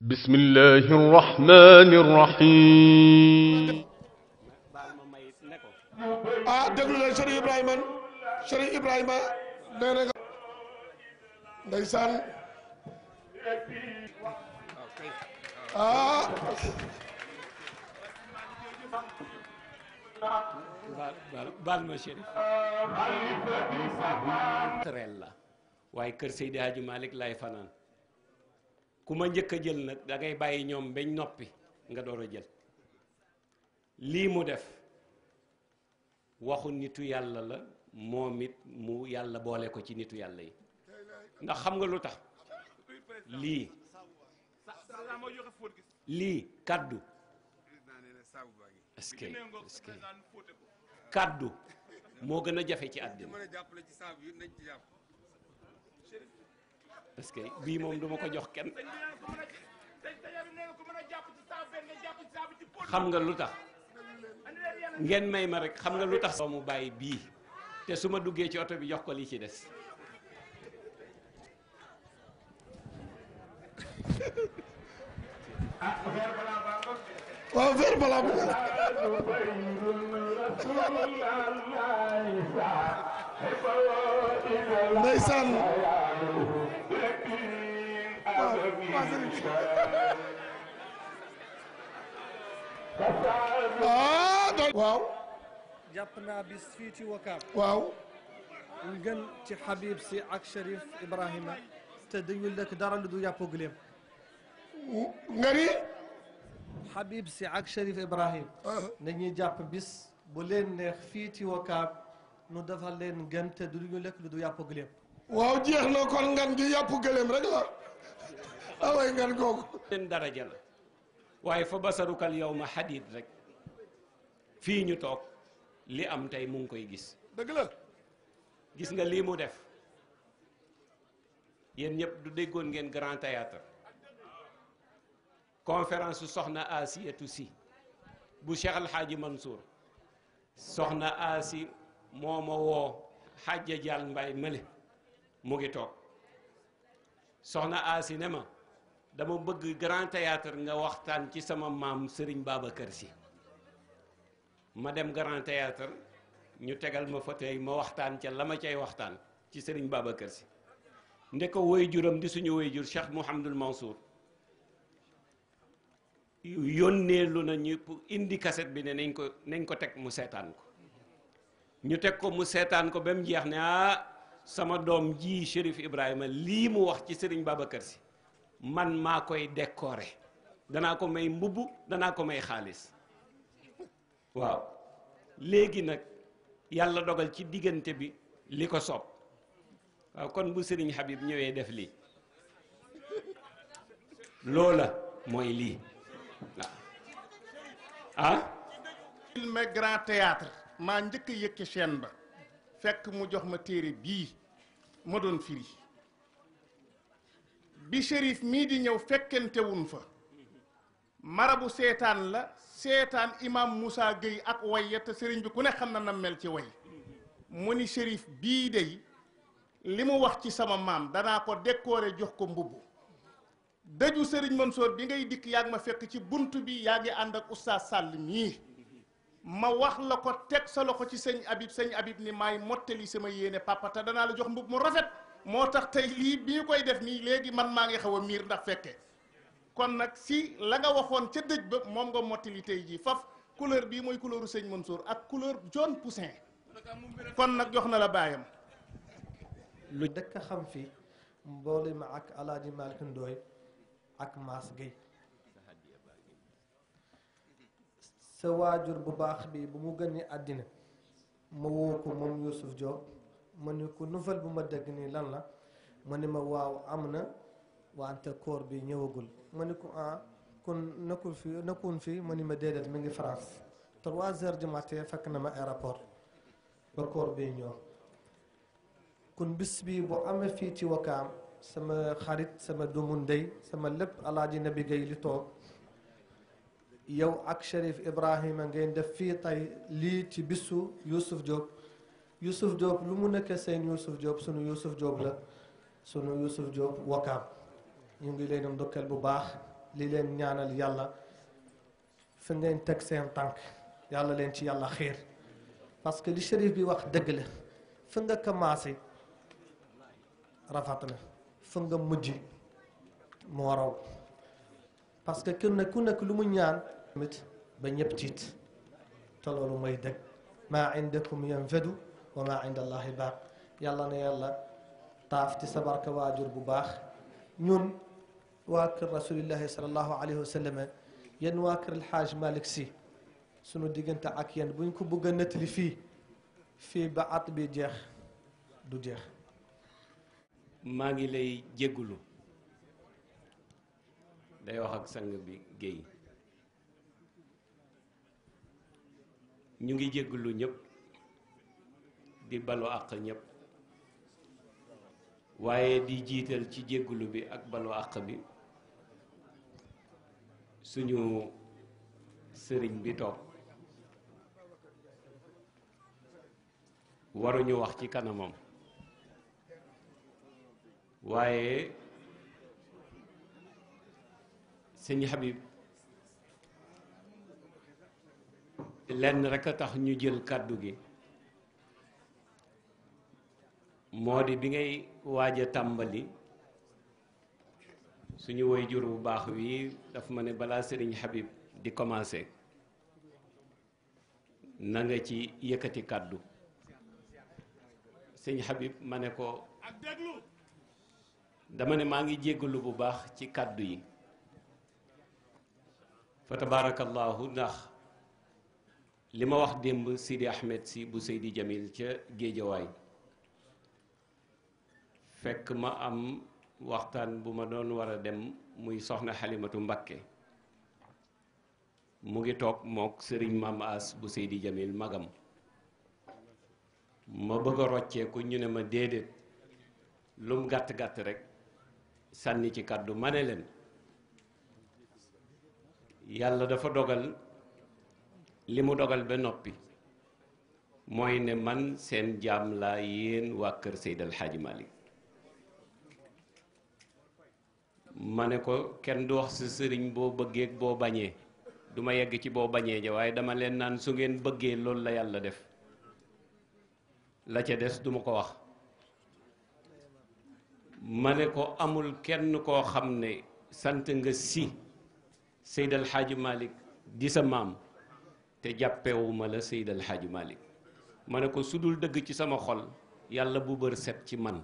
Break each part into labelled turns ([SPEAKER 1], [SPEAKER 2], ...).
[SPEAKER 1] bismillahi rahmani rahim
[SPEAKER 2] ah déglu leen sëriñ Ibrahima sëriñ Ibrahima nee na nga ndeysaan ah baal ma chérif tereel la waaye kër Seydi Hadji Malick laay fanaan ku ma njëkk a jël nag dangay bàyyi ñoom bañ noppi nga door a jël lii mu def waxu nitu yàlla la moom it mu yàlla boole ko ci nitu yàlla yi ndax xam nga lu tax lii lii kaddu est-ce que est-ce que moo gën a jafe ci àddina parce que bii moom duma ko jox kenn xam nga lu tax ngeen may ma rek xam nga lu tax soo mu bàyyi bii te su ma duggee ci oto bi jox ko lii ci des
[SPEAKER 1] waaw ver waaw. jàpp naa bis fii ci Wakaam. waaw. ngeen ci Habib si ak Cherif Ibrahima. te dañu lekk dara lu du yàpp gileem. nga ni. Habib si ak Cherif Ibrahima. dañuy ah. jàpp bis bu leen neex fii ci Wakaam nu defal leen ngeen te du ñu lekk lu du yàpp gileem.
[SPEAKER 2] waaw jeex na kon ngan gi yàpp gëléem rek la. away ngan googu leen daraja la waaye fa basarukal yow ma xadit rek fii ñu toog li am tey mu ngi koy gis dëgg gis nga lii mu def yéen ñëpp du déggoon ngeen grand théâtre conférence su soxna Asiyatu Si bu Cheikh Al Hadji Mansour soxna Asi moo ma woo xaaja jàll mbay mële mu ngi toog soxna Asi ne ma dama bëgg grand théâtre nga waxtaan ci sama maam Serigne kër si ma dem grand théâtre ñu tegal ma fa ma waxtaan ca la ma cay waxtaan ci kër si Sy ndeko waajuram di suñu waajur Cheikh Mouhamadul Mansour yónnee lu na ñu indi kaset bi ne nañ ko nañ ko teg mu seetaan ko ñu teg ko mu seetaan ko ba mu jeex ne ah sama doom ji Chérif Ibrahima lii mu wax ci Serigne Babacar si man maa koy dekoore danaa ko may mbubb danaa ko may xaalis waaw léegi nag yàlla dogal ci diggante bi li ko soob waaw kon bu sëriñ Habib ñëwee def lii loola mooy lii waaw ah filme grand théâtre maa njëkk a yëkki ba fekk mu jox ma téere bii ma doon firi bi shérif mii di ñëw fekkentewun fa marabu seetaan la seetaan imam Moussa Gueye ak wayya te sëriñ bi ku ne xam na na mel ci way mu ni shérif bii dey li mu wax ci sama maam danaa ko dekoore jox ko mbubb dëju sëriñ Mansoor bi ngay dikk yaa ngi ma fekk ci bunt bi yaa ngi ànd ak oustaz sàll mii ma wax la ko teg sa loxo ci sëñ Habib sëñ Habib ni maay mottali sama yéene papa te danaa la jox mbubb mu rafet moo tax tey lii bi ñu koy def nii léegi man maa ngi xaw miir ndax fekke kon nag si la nga waxoon ca dëj ba moom nga mottali tey jii faf couleur bii mooy couleuru sëñ Mansour ak couleur jaune poussin kon nag jox na la baayam
[SPEAKER 1] lu dëkk xam fi mboole ma ak alaaji Malick Ndoye ak Maas Gueye sa waajur bu baax bi bu mu gënee àddina ma woo ko moom Youssouf Diop ma ne ko nouvelle bu ma degg nii lan la ma ni ma waaw am na wante koor bi ñëwagul ma ni ko ah kon nekkul fi nekkuwoon fii ma ne ma déedéet mi ngi France trois heures du matin fekk na ma aéroport ba koor bi ñëw kon bis bi boo amee fii ci wakaam sama xarit sama doomu ndey sama lépp alaaji nabi gay li toog yow ak Cherif Ibrahima ngeen def fii tey lii ci bisu Youssouf jog Youssouf Diop lu mu nekk seen Youssouf Diop sunu Youssouf Diop la sunu Youssouf Diop wakaam ñu ngi leen ndokkeel bu baax li leen ñaanal yàlla fi ngeen teg seen tànk yàlla leen ci yàlla xiir parce que li shérif bi wax dëgg la fi nga commencé rafet na fi nga mujj moo raw parce que kenn ku nekk lu mu ñaan tamit ba ñëpp tiit te loolu mooy dëgg maa indakum yanfadu wala indallahi baax yàlla na yàlla taaf ci sa barke waajur bu baax ñun waa kër rasulillahi salallahu alayhi wa sallam yéen waa kër alxaaj Malick si sunu diggante ak yéen buñ ko bëgg a nettali fii fii ba at bi jeex du jeex
[SPEAKER 2] maa ngi lay jéggulu day wax ak sang bi géey ñu ngi jéggulu ñëpp di balu àq ñépp waaye di jiital ci jéggulu bi ak balu àq bi suñu sëriñ bi toog waruñu wax ci kanamam waaye sëñ Habib lenn rekk a tax ñu jël kàddu gi moo di bi ngay waaj a tàmbali suñu woy jur bu baax wii daf ma ne balaa sëriñ Habib di commencer na nga ci yëkkati kàddu sëñ Habib ma ne ko dama ne maa ngi jéggalu bu baax ci kàddu yi fa tabaarakallaahu ndax li ma wax démb Sidi Ahmed si bu Seydi Jamil ca Géejawaay fekk ma am waxtaan bu ma doon war a dem muy soxna xalimatu Mbakke mu ngi toog mook sëriñ maam as bu Seydi Jamil magam ma bëgg a rocceeku ñu ne ma déedéet lum gàtt gàtt rek sànni ci kàddu ma ne leen yàlla dafa dogal li mu dogal ba noppi mooy ne man seen jaam laa yéen waa kër Seydi El ma ne ko kenn du wax sa sëriñ boo bëggee boo bañee duma yegg ci boo bañee ja waaye dama leen naan su ngeen bëggee loolu la yàlla def la ca des duma ko wax ma ne ko amul kenn koo xam ne sant nga si Seydi El Hadji di sa maam te jàppewuma la Seydi El Hadji ma ne ko su dul dëgg ci sama xol yàlla bu bër set ci man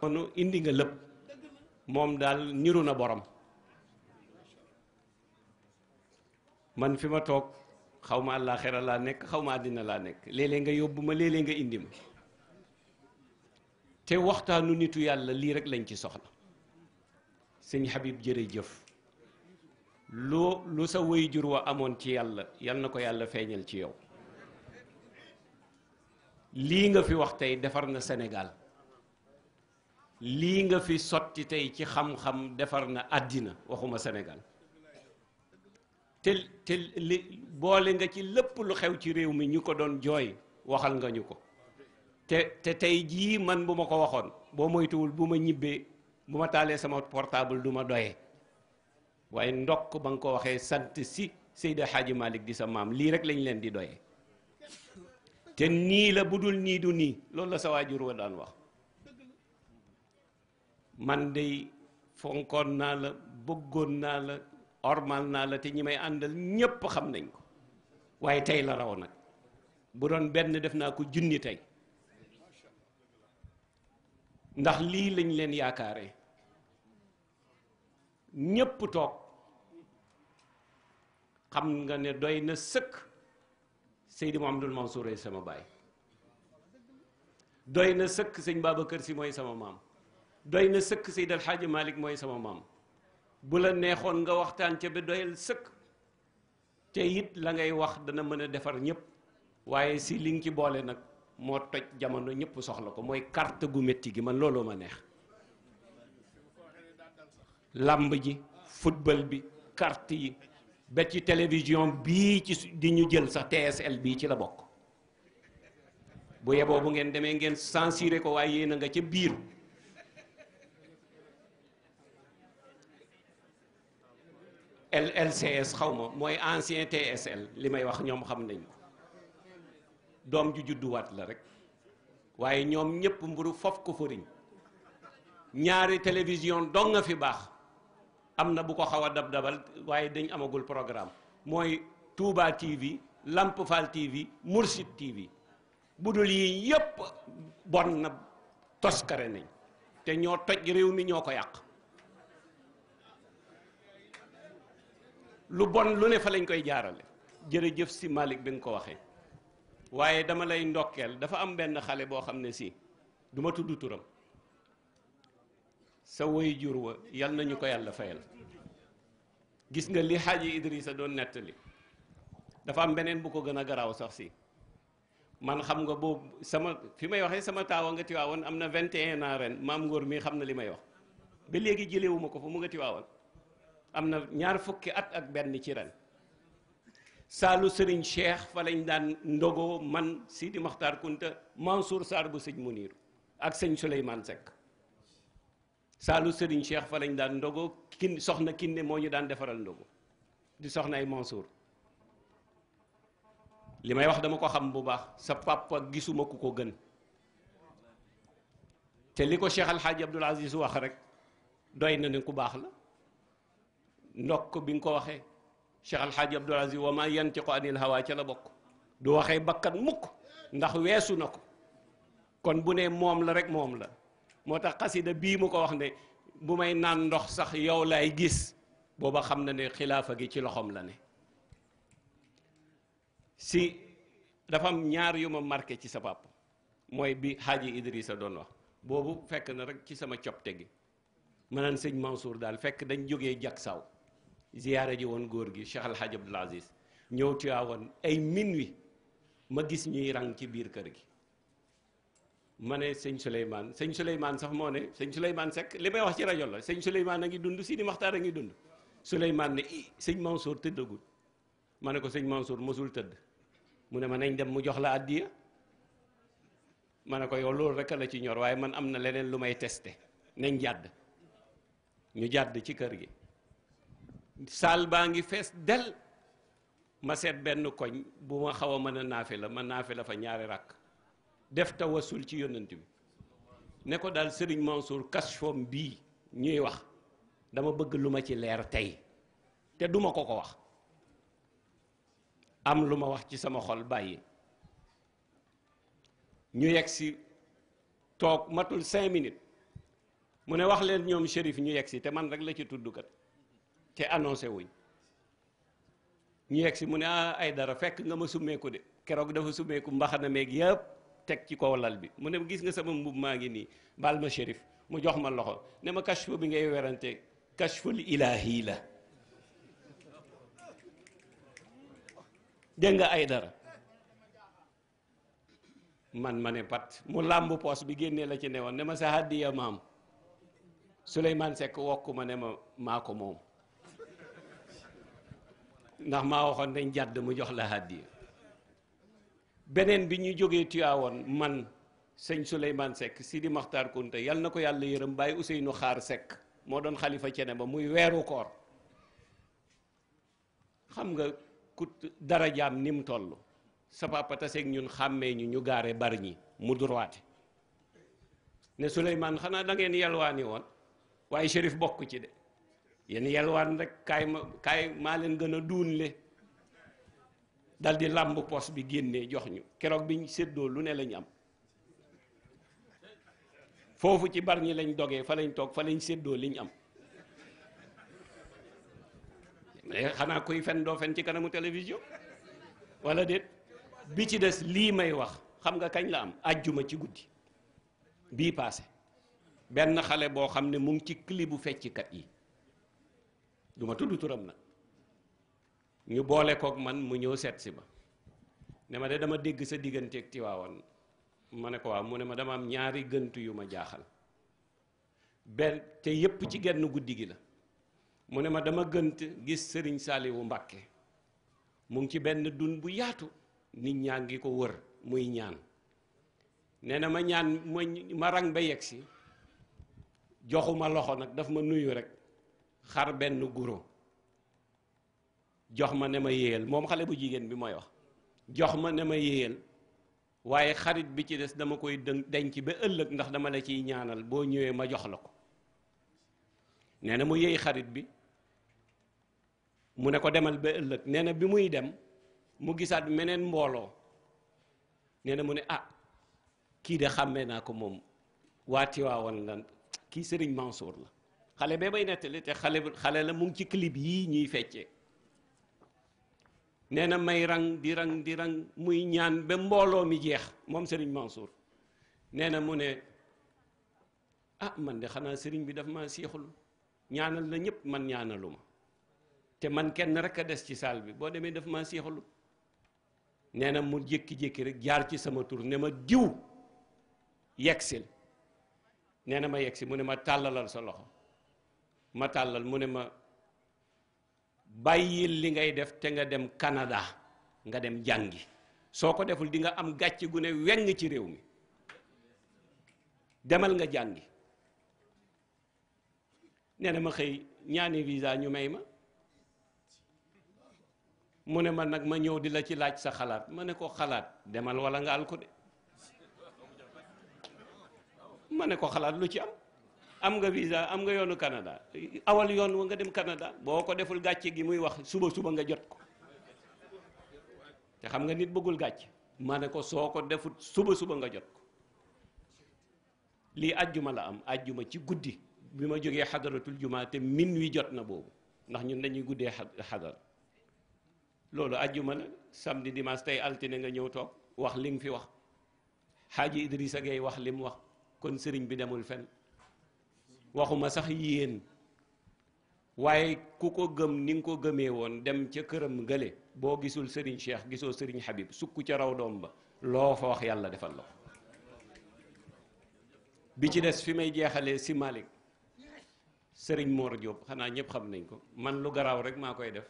[SPEAKER 2] konu indi nga lépp moom daal niru na borom man fi ma toog xaw ma àllaaxira laa nekk xaw ma àddina laa nekk léeg nga yóbbu ma léeg nga indi ma te waxtaanu nitu yàlla lii rek lañ ci soxla sëñ Habib jërëjëf lu lu sa jur wa amoon ci yàlla yal na ko yàlla feeñal ci yow lii nga fi wax tey defar na senegaal lii nga fi sotti tey ci xam-xam defar na àddina waxuma Sénégal te te li boole nga ci lépp lu xew ci réew mi ñu ko doon jooy waxal nga ñu ko te te tey jii man bu ma ko waxoon boo moytuwul bu ma ñibbee bu ma taalee sama portable du ma doyee waaye ndokk ba nga ko waxee sant si Seydi Hadji Malick di sa maam lii rek lañ leen di doyee te nii la bu dul nii du nii loolu la sa waajur wa daan wax man de fonkoon naa la bëggoon naa la ormal naa la te ñi may àndal ñépp xam nañ ko waaye tey la raw nag bu doon benn def naa ko junni tey ndax lii lañ leen yaakaare ñépp toog xam nga ne doy na sëkk Seydi Mouhamadoul Mansour sama baay doy na sëkk sëñ kër Si mooy sama maam doy na sëkk Seydi El Hadji Malick mooy sama maam bu la neexoon nga waxtaan ca bi doyal sëkk te it la ngay wax dana mën a defar ñépp waaye si li nga ci boole nag moo toj jamono ñëpp soxla ko mooy kart gu metti gi man looloo ma neex làmb ji football bi kart yi ba ci télévision bii ci di ñu jël sax TSL bii ci la bokk bu yeboo bu ngeen demee ngeen censuré ko waaye yéen a nga ca biir c xaw ma mooy ancien TSL li may wax ñoom xam nañ doom ju judduwaat la rek waaye ñoom ñëpp mburu fof ko fëriñ ñaari télévision dong nga fi baax am na bu ko xaw a dab-dabal waaye dañ amagul programme mooy Touba TV Lamp Fall TV Mourchid TV bu dul yii yëpp bon na toskare nañ te ñoo toj réew mi ñoo ko yàq lu bon lu ne fa lañ koy jaarale jërëjëf si malik bi nga ko waxee waaye dama lay ndokkeel dafa am benn xale boo xam ne si duma tudd turam sa woy jur wa yal nañu ko yàlla fayal gis nga li xaaji Idrissa doon nettali dafa am beneen bu ko gën a garaaw sax si man xam nga boobu sama fi may waxee sama taawa nga tiwaawoon am na 21 ans ren maam ngóor mii xam na li may wax ba léegi jëlewuma ko fa mu nga tiwaawoon am na ñaar fukki at ak benn ci ren saalu sëriñ Cheikh fa lañ daan ndogoo man Sidi Makhtar Kunta Mansour Sarr bu sëñ mu Muniru ak sëñ Souleymane Seck saalu sëriñ Cheikh fa lañ daan ndogoo kin soxna kinne moo ñu daan defaral ndogo di soxna ay Mansour li may wax dama ko xam bu baax sa papa gisuma ku ko gën te li ko Cheikh Alhaaji Abdoul Aziz wax rek doy na ne ku baax la ndokk bi nga ko waxee Cheikh Al Hadj Abdoul Aziz wa ma yantiqu anil hawa ca la bokk du waxee bakkan mukk ndax weesu na ko kon bu nee moom la rek moom la moo tax xasida bii mu ko wax ne bu may naan ndox sax yow laay gis booba xam na ne xilaafa gi ci loxoom la ne si dafa am ñaar yu ma marqué ci sa papa mooy bi Hadji Idrissa doon wax boobu fekk na rek ci sama copte gi ma naan sëñ Mansour daal fekk dañ jóge jak saw ziyaara ji woon góor gi Cheikh Alhaji Abdoul Aziz ñëw Tiwaawan ay wi ma gis ñuy rang ci biir kër gi ma ne sëñ Souleymane sëñ Souleymane sax moo ne sëñ Souleymane Seck li may wax ci rajo la sëñ Souleymane a ngi dund Sidi Maxtaar a ngi dund Souleymane ne i sëñ Mansour tëddagul ma ne ko sëñ Mansour mosul tëdd mu ne ma nañ dem mu jox la addiya ma ne ko yow loolu rek la ci ñor waaye man am na leneen lu may teste nañ jàdd ñu jàdd ci kër gi saal baa ngi fees del ma seet benn koñ bu ma xaw a mën a naafe la ma naafe la fa ñaari ràkk def tawasul ci yonent bi ne ko daal Serigne Mansour kashfom bii ñuy wax dama bëgg lu ma ci leer tey te duma ko ko wax am lu ma wax ci sama xol bàyyi ñu yegg si toog matul cinq minute mu ne wax leen ñoom shérif ñu yegg si te man rek la ci tudd kat te annoncé wuñ ñu yegg si mu ne ah, ay dara fekk nga ma summeeku de keroog dafa summeeku mbaxana meeg yëpp teg ci kaw lal bi mu ne gis nga sama mbub maa ngi nii baal ma shérif mu jox ma loxo ne ma kashfu bi ngay werante kashful ilaahi la dégg nga ay dara man ma ne pat mu làmb poos bi génnee la ci newoon ne ma sa hàddiya maam Souleymane Seck wokk ma ne ma maa ko moom ndax maa waxoon dañ jàdd mu jox la hàddiya beneen bi ñu jógee Tiwaawoon man sëñ Souleymane sekk Sidi Makhtar Kounta yal na ko yàlla yërëm bàyyi nu Xaar sekk moo doon xalifa cene ba muy weeru koor xam nga ku dara jaam ni mu toll sa papa ñun xàmmee ñu ñu gaare bari ñi mu durwaate ne Souleymane xanaa da ngeen yalwaani woon waaye shérif bokk ci de yéen yelwaan rek kaay ma kaay maa leen gën a duunle dal di làmb pos bi génnee jox ñu keroog biñ séddoo lu ne lañ am foofu ci bar ñi lañ dogee fa lañ toog fa lañ séddoo liñ am xanaa koy fen doo fen ci kanamu télévision wala déet bi ci des lii may wax xam nga kañ la am àjjuma ci guddi bii paase benn xale boo xam ne mu ngi ci clip bu fecckat yi du ma tudd turam nag ñu boole kook man mu ñëw seetsi si ma ne ma de dama dégg sa digganteeg Tiwaawan ma ne ko waaw mu ne ma dama am ñaari gënt yu ma jaaxal benn te yépp ci genn guddi gi la mu ne ma dama gënt gis sëriñ saali wu Mbàkke mu ngi ci benn dun bu yaatu nit ñaa ngi ko wër muy ñaan nee na ma ñaan ma ma ba yegg si joxuma loxo nag daf ma nuyu rek xar benn guro jox ma ne ma yéyal moom xale bu jigéen bi mooy wax jox ma ne ma yéyal waaye xarit bi ci des dama koy denc ba ëllëg ndax dama la ciy ñaanal boo ñëwee ma jox la ko nee na mu yéy xarit bi mu ne ko demal ba ëllëg nee na bi muy dem mu gisaat meneen mbooloo nee na mu ne ah kii de xàmmee naa ko moom waa Tiwaawan lan kii Serigne Mansour la xale bee may nettali te xale xale la mu ngi ci clip yii ñuy feccee nee na may rang di rang di rang muy ñaan ba mbooloo mi jeex moom Serigne Mansour nee na mu ne ah man de xanaa sëriñ bi daf maa siixul ñaanal na ñépp man ñaanalu ma te man kenn rek a des ci saal bi boo demee dafa maa siixul nee na mu jékki-jékki rek jaar ci sama tur ne ma diw yegsil nee na ma yegsi mu ne ma tàllalal sa loxo. ma tàllal mu ne ma bàyyil li ngay def te nga dem Canada nga dem jàngi soo ko deful dinga am gàcce gune weng ci réew mi demal nga jàngi nee ma xëy ñaani visa ñu may ma mu ne ma nag ma ñëw di la ci laaj sa xalaat ma ne ko xalaat demal wala nga al ko de ma ne ko xalaat lu ci am am nga visa am nga yoonu Canada awal yoon wa nga dem Canada boo ko deful gàccee gi muy wax suba suba nga jot ko te xam nga nit bëggul gàcce ma ne ko soo ko deful suba suba nga jot ko lii àjjuma la am ajjuma ci guddi bi ma jógee xadaratul juma te min wi jot na boobu ndax ñun dañuy guddee xadar loolu ajjuma la samedi dimanche tey altine nga ñëw toog wax li fi wax xaaji Idrissa Gueye wax li wax kon sëriñ bi demul fen waxuma sax yéen waaye ku ko gëm ni nga ko gëmee woon dem ca këram gële boo gisul Serigne Cheikh gisoo Serigne Habib sukk ca raw doom ba loo fa wax yàlla defal la bi ci des fi may jeexalee si Malick Serigne Mor Diop xanaa ñëpp xam nañ ko man lu garaaw rek maa koy def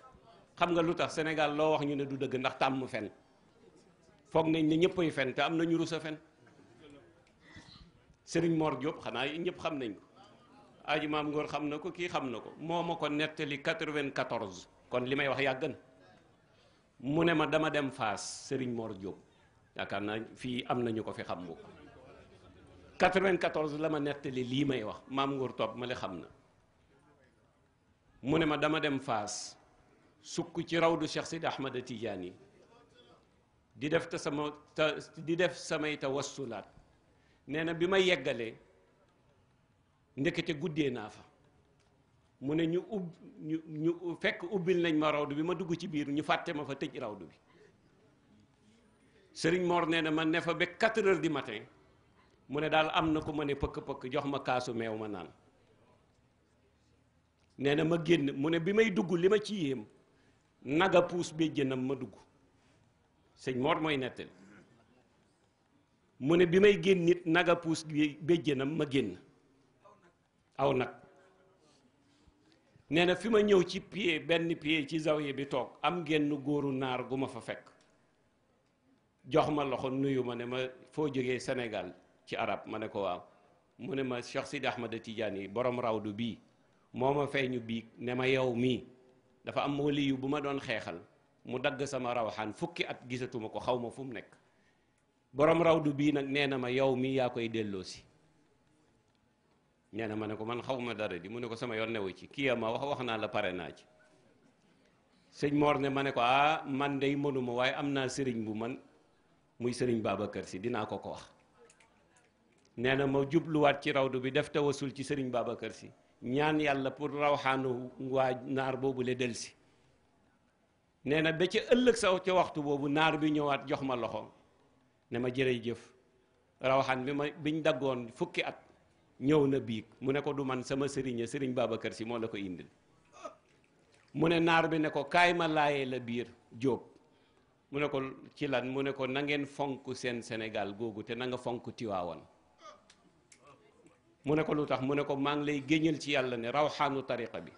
[SPEAKER 2] xam nga lu tax Sénégal loo wax ñu ne du dëgg ndax tàmm fen foog nañ ne ñëppay fen am na ñu rus a fen Serigne xanaa ñëpp xam nañ ko. aji maam ngóor xam na ko kii xam na ko moo ma ko nettali 94 kon li may wax yàgg na mu ne ma dama dem faas Serigne Mor Diop yaakaar naa fii am na ñu ko fi xam bu 94 la ma nettali lii may wax maam ngóor topp ma le xam na mu ne ma dama dem faas sukk ci raw rawdu Cheikh Sidi Ahmad yi di def te sama di def samay tawassulaat nee na bi ma yeggalee ndekete guddee naa fa mu ne ñu ub ñu ñu fekk ubbil nañ ma rawdu bi ma dugg ci biir ñu fàtte ma fa tëj rawdu bi sëriñ moor nee na ma ne fa ba 4 heures matin mu ne daal am na ko ma ne pëkk-pëkk jox ma kaasu meew ma naan nee na ma génn mu ne bi may dugg li ma ci yéem naga puus bi ma dugg sëñ moor mooy nettali mu ne bi may génn nit naga puus bi béjjënam ma génn aw nag nee na fi ma ñëw ci pied benn pie ci zawiya bi toog am genn góoru naar gu ma fa fekk jox ma loxo nuyu ma ne ma foo jógee senegal ci arab ma ne ko waaw mu ne ma Cheikh Sidi Ahmad Tidiane yi boroom rawdu bii moo ma feeñu biig ne ma yow mii dafa am waliyu bu ma doon xeexal mu dagg sama rawxaan fukki at gisatuma ko xaw ma fu mu nekk boroom rawdu bii nag nee na ma yow mii yaa koy delloosi nee ma ne ko man xaw ma dara di mu ne ko sama yoon newu ci kii ma wax wax naa la pare naa ci sëñ moor ne ma ne ko ah man day mënuma waaye am naa sëriñ bu man muy sëriñ kër si dinaa ko ko wax nee na ma jubluwaat ci rawdu bi def te wasul ci sëriñ Babacar si ñaan yàlla pour rawxaanu waa naar boobu la del si nee na ba ca ëllëg saw ca waxtu boobu naar bi ñëwaat jox ma loxo ne ma jërëjëf rawxaan bi ma biñ daggoon fukki at ñëw na biig mu ne ko du man sama sëriñ sëriñ kër si moo la ko indil mu ne naar bi ne ko kaay ma laayee la biir jóob mu ne ko ci lan mu ne ko na fonk seen senegal googu te nanga fonk Tiwaawan mu ne ko lu tax mu ne ko maa ngi lay géñal ci yàlla ne rawxaanu tariqa bi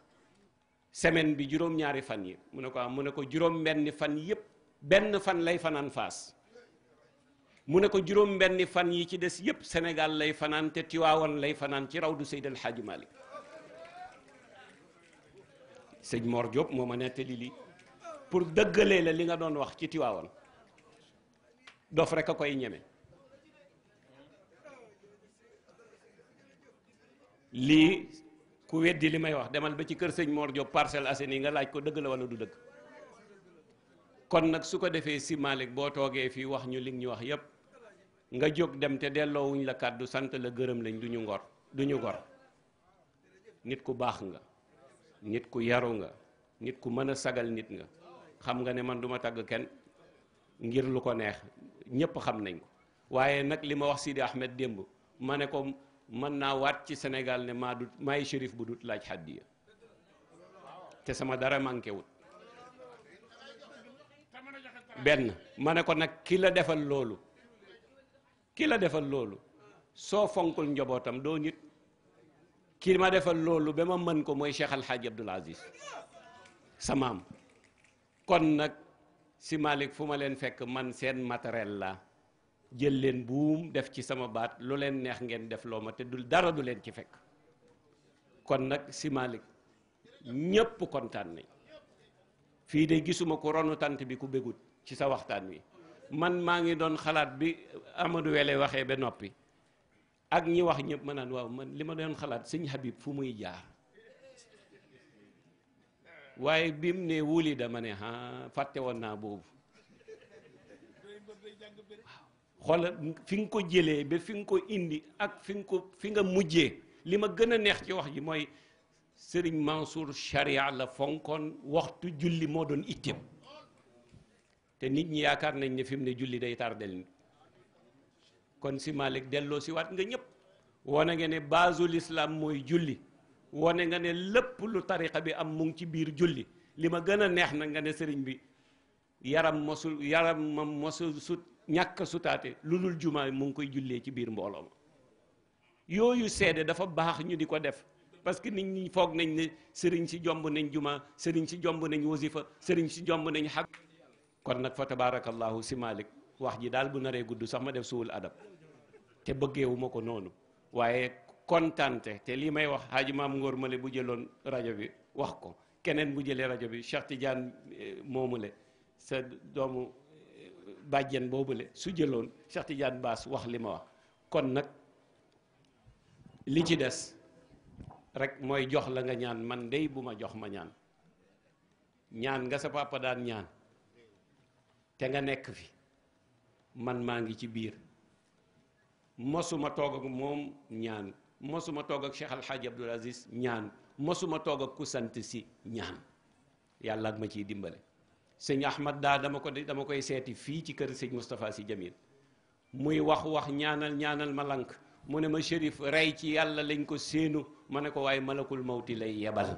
[SPEAKER 2] semaine bi juróom-ñaari fan yi mu ne ko am ah, mu ne ko juróom benn fan yépp benn fan lay fanaan faas mu ne ko juróom mbenni fan yi ci des yépp senegal lay fanaan te Tiwaawan lay fanaan ci rawdu Seydi El Hadji Malick sëñ Mor Diop moo ma nettali lii pour dëggalee la li nga doon wax ci Tiwaawan dof rek a koy ñeme lii ku weddi li may wax demal ba ci kër sëñ Mor Diop Parcelles Assainies nga laaj ko dëgg la wala du dëgg kon nag su ko defee si Malick boo toogee fii wax ñu li ñu wax yépp nga jóg dem te delloowuñ la kàddu sant la gërëm lañ duñu ngor duñu gor nit ku baax nga nit ku yaru nga nit ku mën a sagal nit nga xam nga ne man duma tagg kenn ngir lu ko neex ñépp xam nañ ko waaye nag li ma wax Sidi Ahmed démb ma ne ko mën naa waat ci senegal ne maa du maay shérif bu dut laaj xaddiya te sama dara manqué wut benn ma ne ko nag ki la defal loolu ki la defal loolu soo fonkul njabootam doo nit ki ma defal loolu ba ma mën ko mooy seexal Al Hadj Abdoul Aziz sa maam kon nag si fu ma leen fekk man seen matériel la jël leen buum def ci sama baat lu leen neex ngeen def loo ma te du dara du leen ci fekk kon nag si Malick ñépp kontaan nañ fii de gisuma ko ronu tant bi ku bégut ci sa waxtaan wi man maa ngi doon xalaat bi Amadou Wele waxee ba noppi ak ñi wax ñëpp manaan naan waaw man li ma doon xalaat sëñ Habib fu muy jaar waaye bi mu ne wuli dama ne ah fàtte woon naa boobu xool fi nga ko jëlee ba fi nga ko indi ak fi nga ko fi nga mujjee li ma gën a neex ci wax ji mooy Serigne Mansour Sharia la fonkoon waxtu julli moo doon itteem te nit ñi yaakaar nañ ne fi mu ne julli day tardel nit kon si Malick delloo si waat nga ñëpp wane nga ne baasul islam mooy julli wane nga ne lépp lu tariqa bi am mu ci biir julli li ma gën a neex na nga ne sëriñ bi yaram mosul yaram ma mosul su ñàkk sutaate lu dul jumaa mu ngi koy jullee ci biir mbooloo ma yooyu seede dafa baax ñu di ko def parce que nit ñi foog nañ ne sëriñ si jomb nañ jumaa sëriñ si jomb nañ wasifa sëriñ si jomb nañ xaq kon nag fa tabaarakallaahu si Malick wax ji daal bu naree gudd sax ma def suwul adab te bëggeewu ko noonu waaye kontante te lii may wax Haji Maam Ngor Male bu jëloon rajo bi wax ko keneen bu jëlee rajo bi Cheikh Tidiane eh, moomule sa doomu eh, bàjjen boobule su jëloon Cheikh Tidiane Baas wax li ma wax kon nag li ci des rek mooy jox la nga ñaan man dey bu ma jox ma ñaan ñaan nga sa papa daan ñaan te nga nekk fi man maa ngi ci biir mosuma toog ak moom ñaan mosuma toog ak Cheikh Alxaaji Abdul Aziz ñaan masuma toog ak ku sant si ñaan yàlla ak ma ciy dimbale sëñ Ahmad daa dama ko dama koy seeti fii ci kër sëñ Moustapha si Jamil muy wax wax ñaanal ñaanal ma lank mu ne ma shérif rey ci yàlla lañ ko séenu ma ne ko waaye malakul mawti lay yebal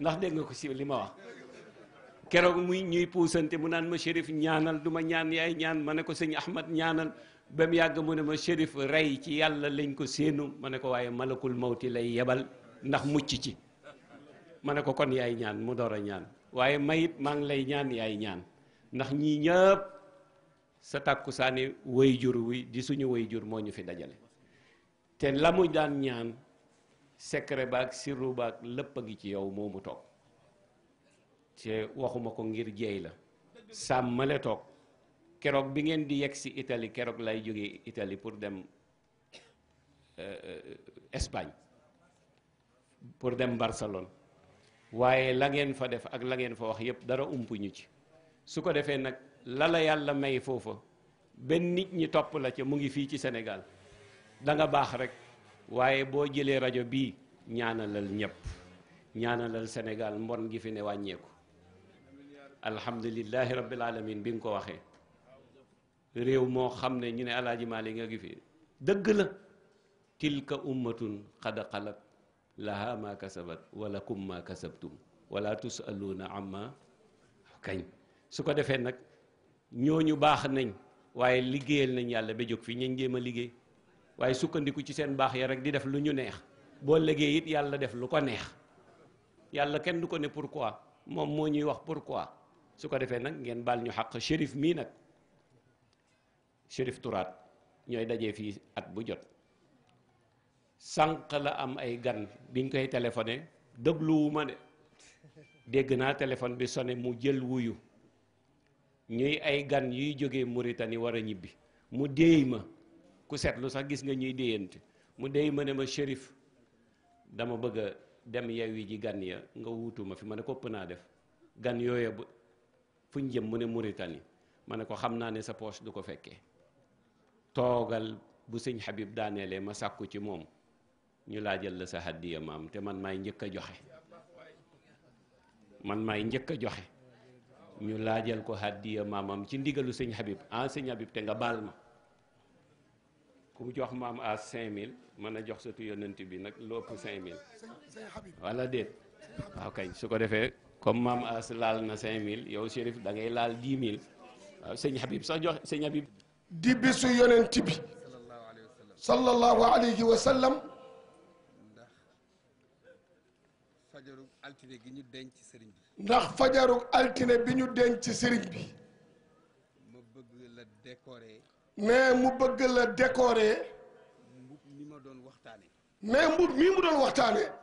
[SPEAKER 2] ndax dégg nga ko si li ma wax keroog muy ñuy puusante mu naan ma shérif ñaanal du ma ñaan yaay ñaan ma ne ko sëñ Ahmad ñaanal ba yàgg mu ne ma shérif rey ci yàlla lañ ko séenu ma ne ko waaye malakul mawti lay yebal ndax mucc ci ma ne ko kon yaay ñaan mu door a ñaan waaye mayit maa ngi lay ñaan yaay ñaan ndax ñii ñëpp sa tàkkusaani way jur wi di suñu way jur moo ñu fi dajale te la mu daan ñaan secret baag sirru baag lépp a ngi ci yow moomu toog te waxuma ko ngir jeey la sàmmale toog keroog bi ngeen di yegg si itali keroog lay jógee Italie pour dem euh, euh, Espagne pour dem Barcelone waaye la ngeen fa def ak la ngeen fa wax yépp dara umpuñu ci su ko defee nag lala yàlla may foofa benn nit ñi topp la ca mu ngi fii ci senegal danga baax rek waaye boo jëlee rajo bii ñaanalal ñëpp ñaanalal senegal mbon gi fi ne wàññeeku alhamdulilahi rabbil alamin bi nga ko waxee réew moo xam ne ñu ne alaaji maali nga gi fi dëgg la tilka ummatun qad xalat laha ma kasabat wa lakum ma kasabtum wala tusaluuna amma kañ su ko defee nag ñoo ñu baax nañ waaye liggéeyal nañ yàlla ba jóg fi ñu jéem a liggéey waaye sukkandiku ci seen baax ya rek di def lu ñu neex boo liggéey it yàlla def lu ko neex yàlla kenn du ko ne pourquoi moom moo ñuy wax pourquoi su ko defee nag ngeen baal ñu xaq shérif mii nag shérif turaat ñooy dajee fii at bu jot sànq la am ay gan biñ koy telefone dégluwuma de dégg naa téléphone bi sone mu jël wuyu ñuy ay gan yuy jógee ni war a ñibbi mu déey ma ku seetlu sax gis nga ñuy déyante mu déey ma ne ma shérif dama bëgg a dem yeewi ji gan ya nga wutu ma fi ma ne kopp naa def gan yooya fuñ jëm mu ne Mauritanie ma ne ko xam naa ne sa poche du ko fekkee toogal bu sëñ Habib daaneelee ma sàkku ci moom ñu laajal la sa hadiya maam te man maay njëkk a joxe man maay njëkk a joxe ñu laajal ko hadiya maamam ci ndigalu sëñ Habib ah sëñ Habib te nga baal ma ku jox maam à 5000 man a jox sa tu yonent bi nag lu ëpp 5000 wala déet waaw ah, kañ su ko defee. comme maam as laal na 5000 yow shérif da ngay laal 10000 waaw sëñ Habib sax jox sëñ Habib. di bisu yonent bi. sallallahu alayhi wa sallam. ndax fajarug altine gi ñu denc sëriñ bi. ndax fajarug altine bi ñu denc sëriñ bi. mu bëgg la décorer. mais mu bëgg la décorer. mbub mi ma doon waxtaane. mais mbub mi mu doon waxtaane.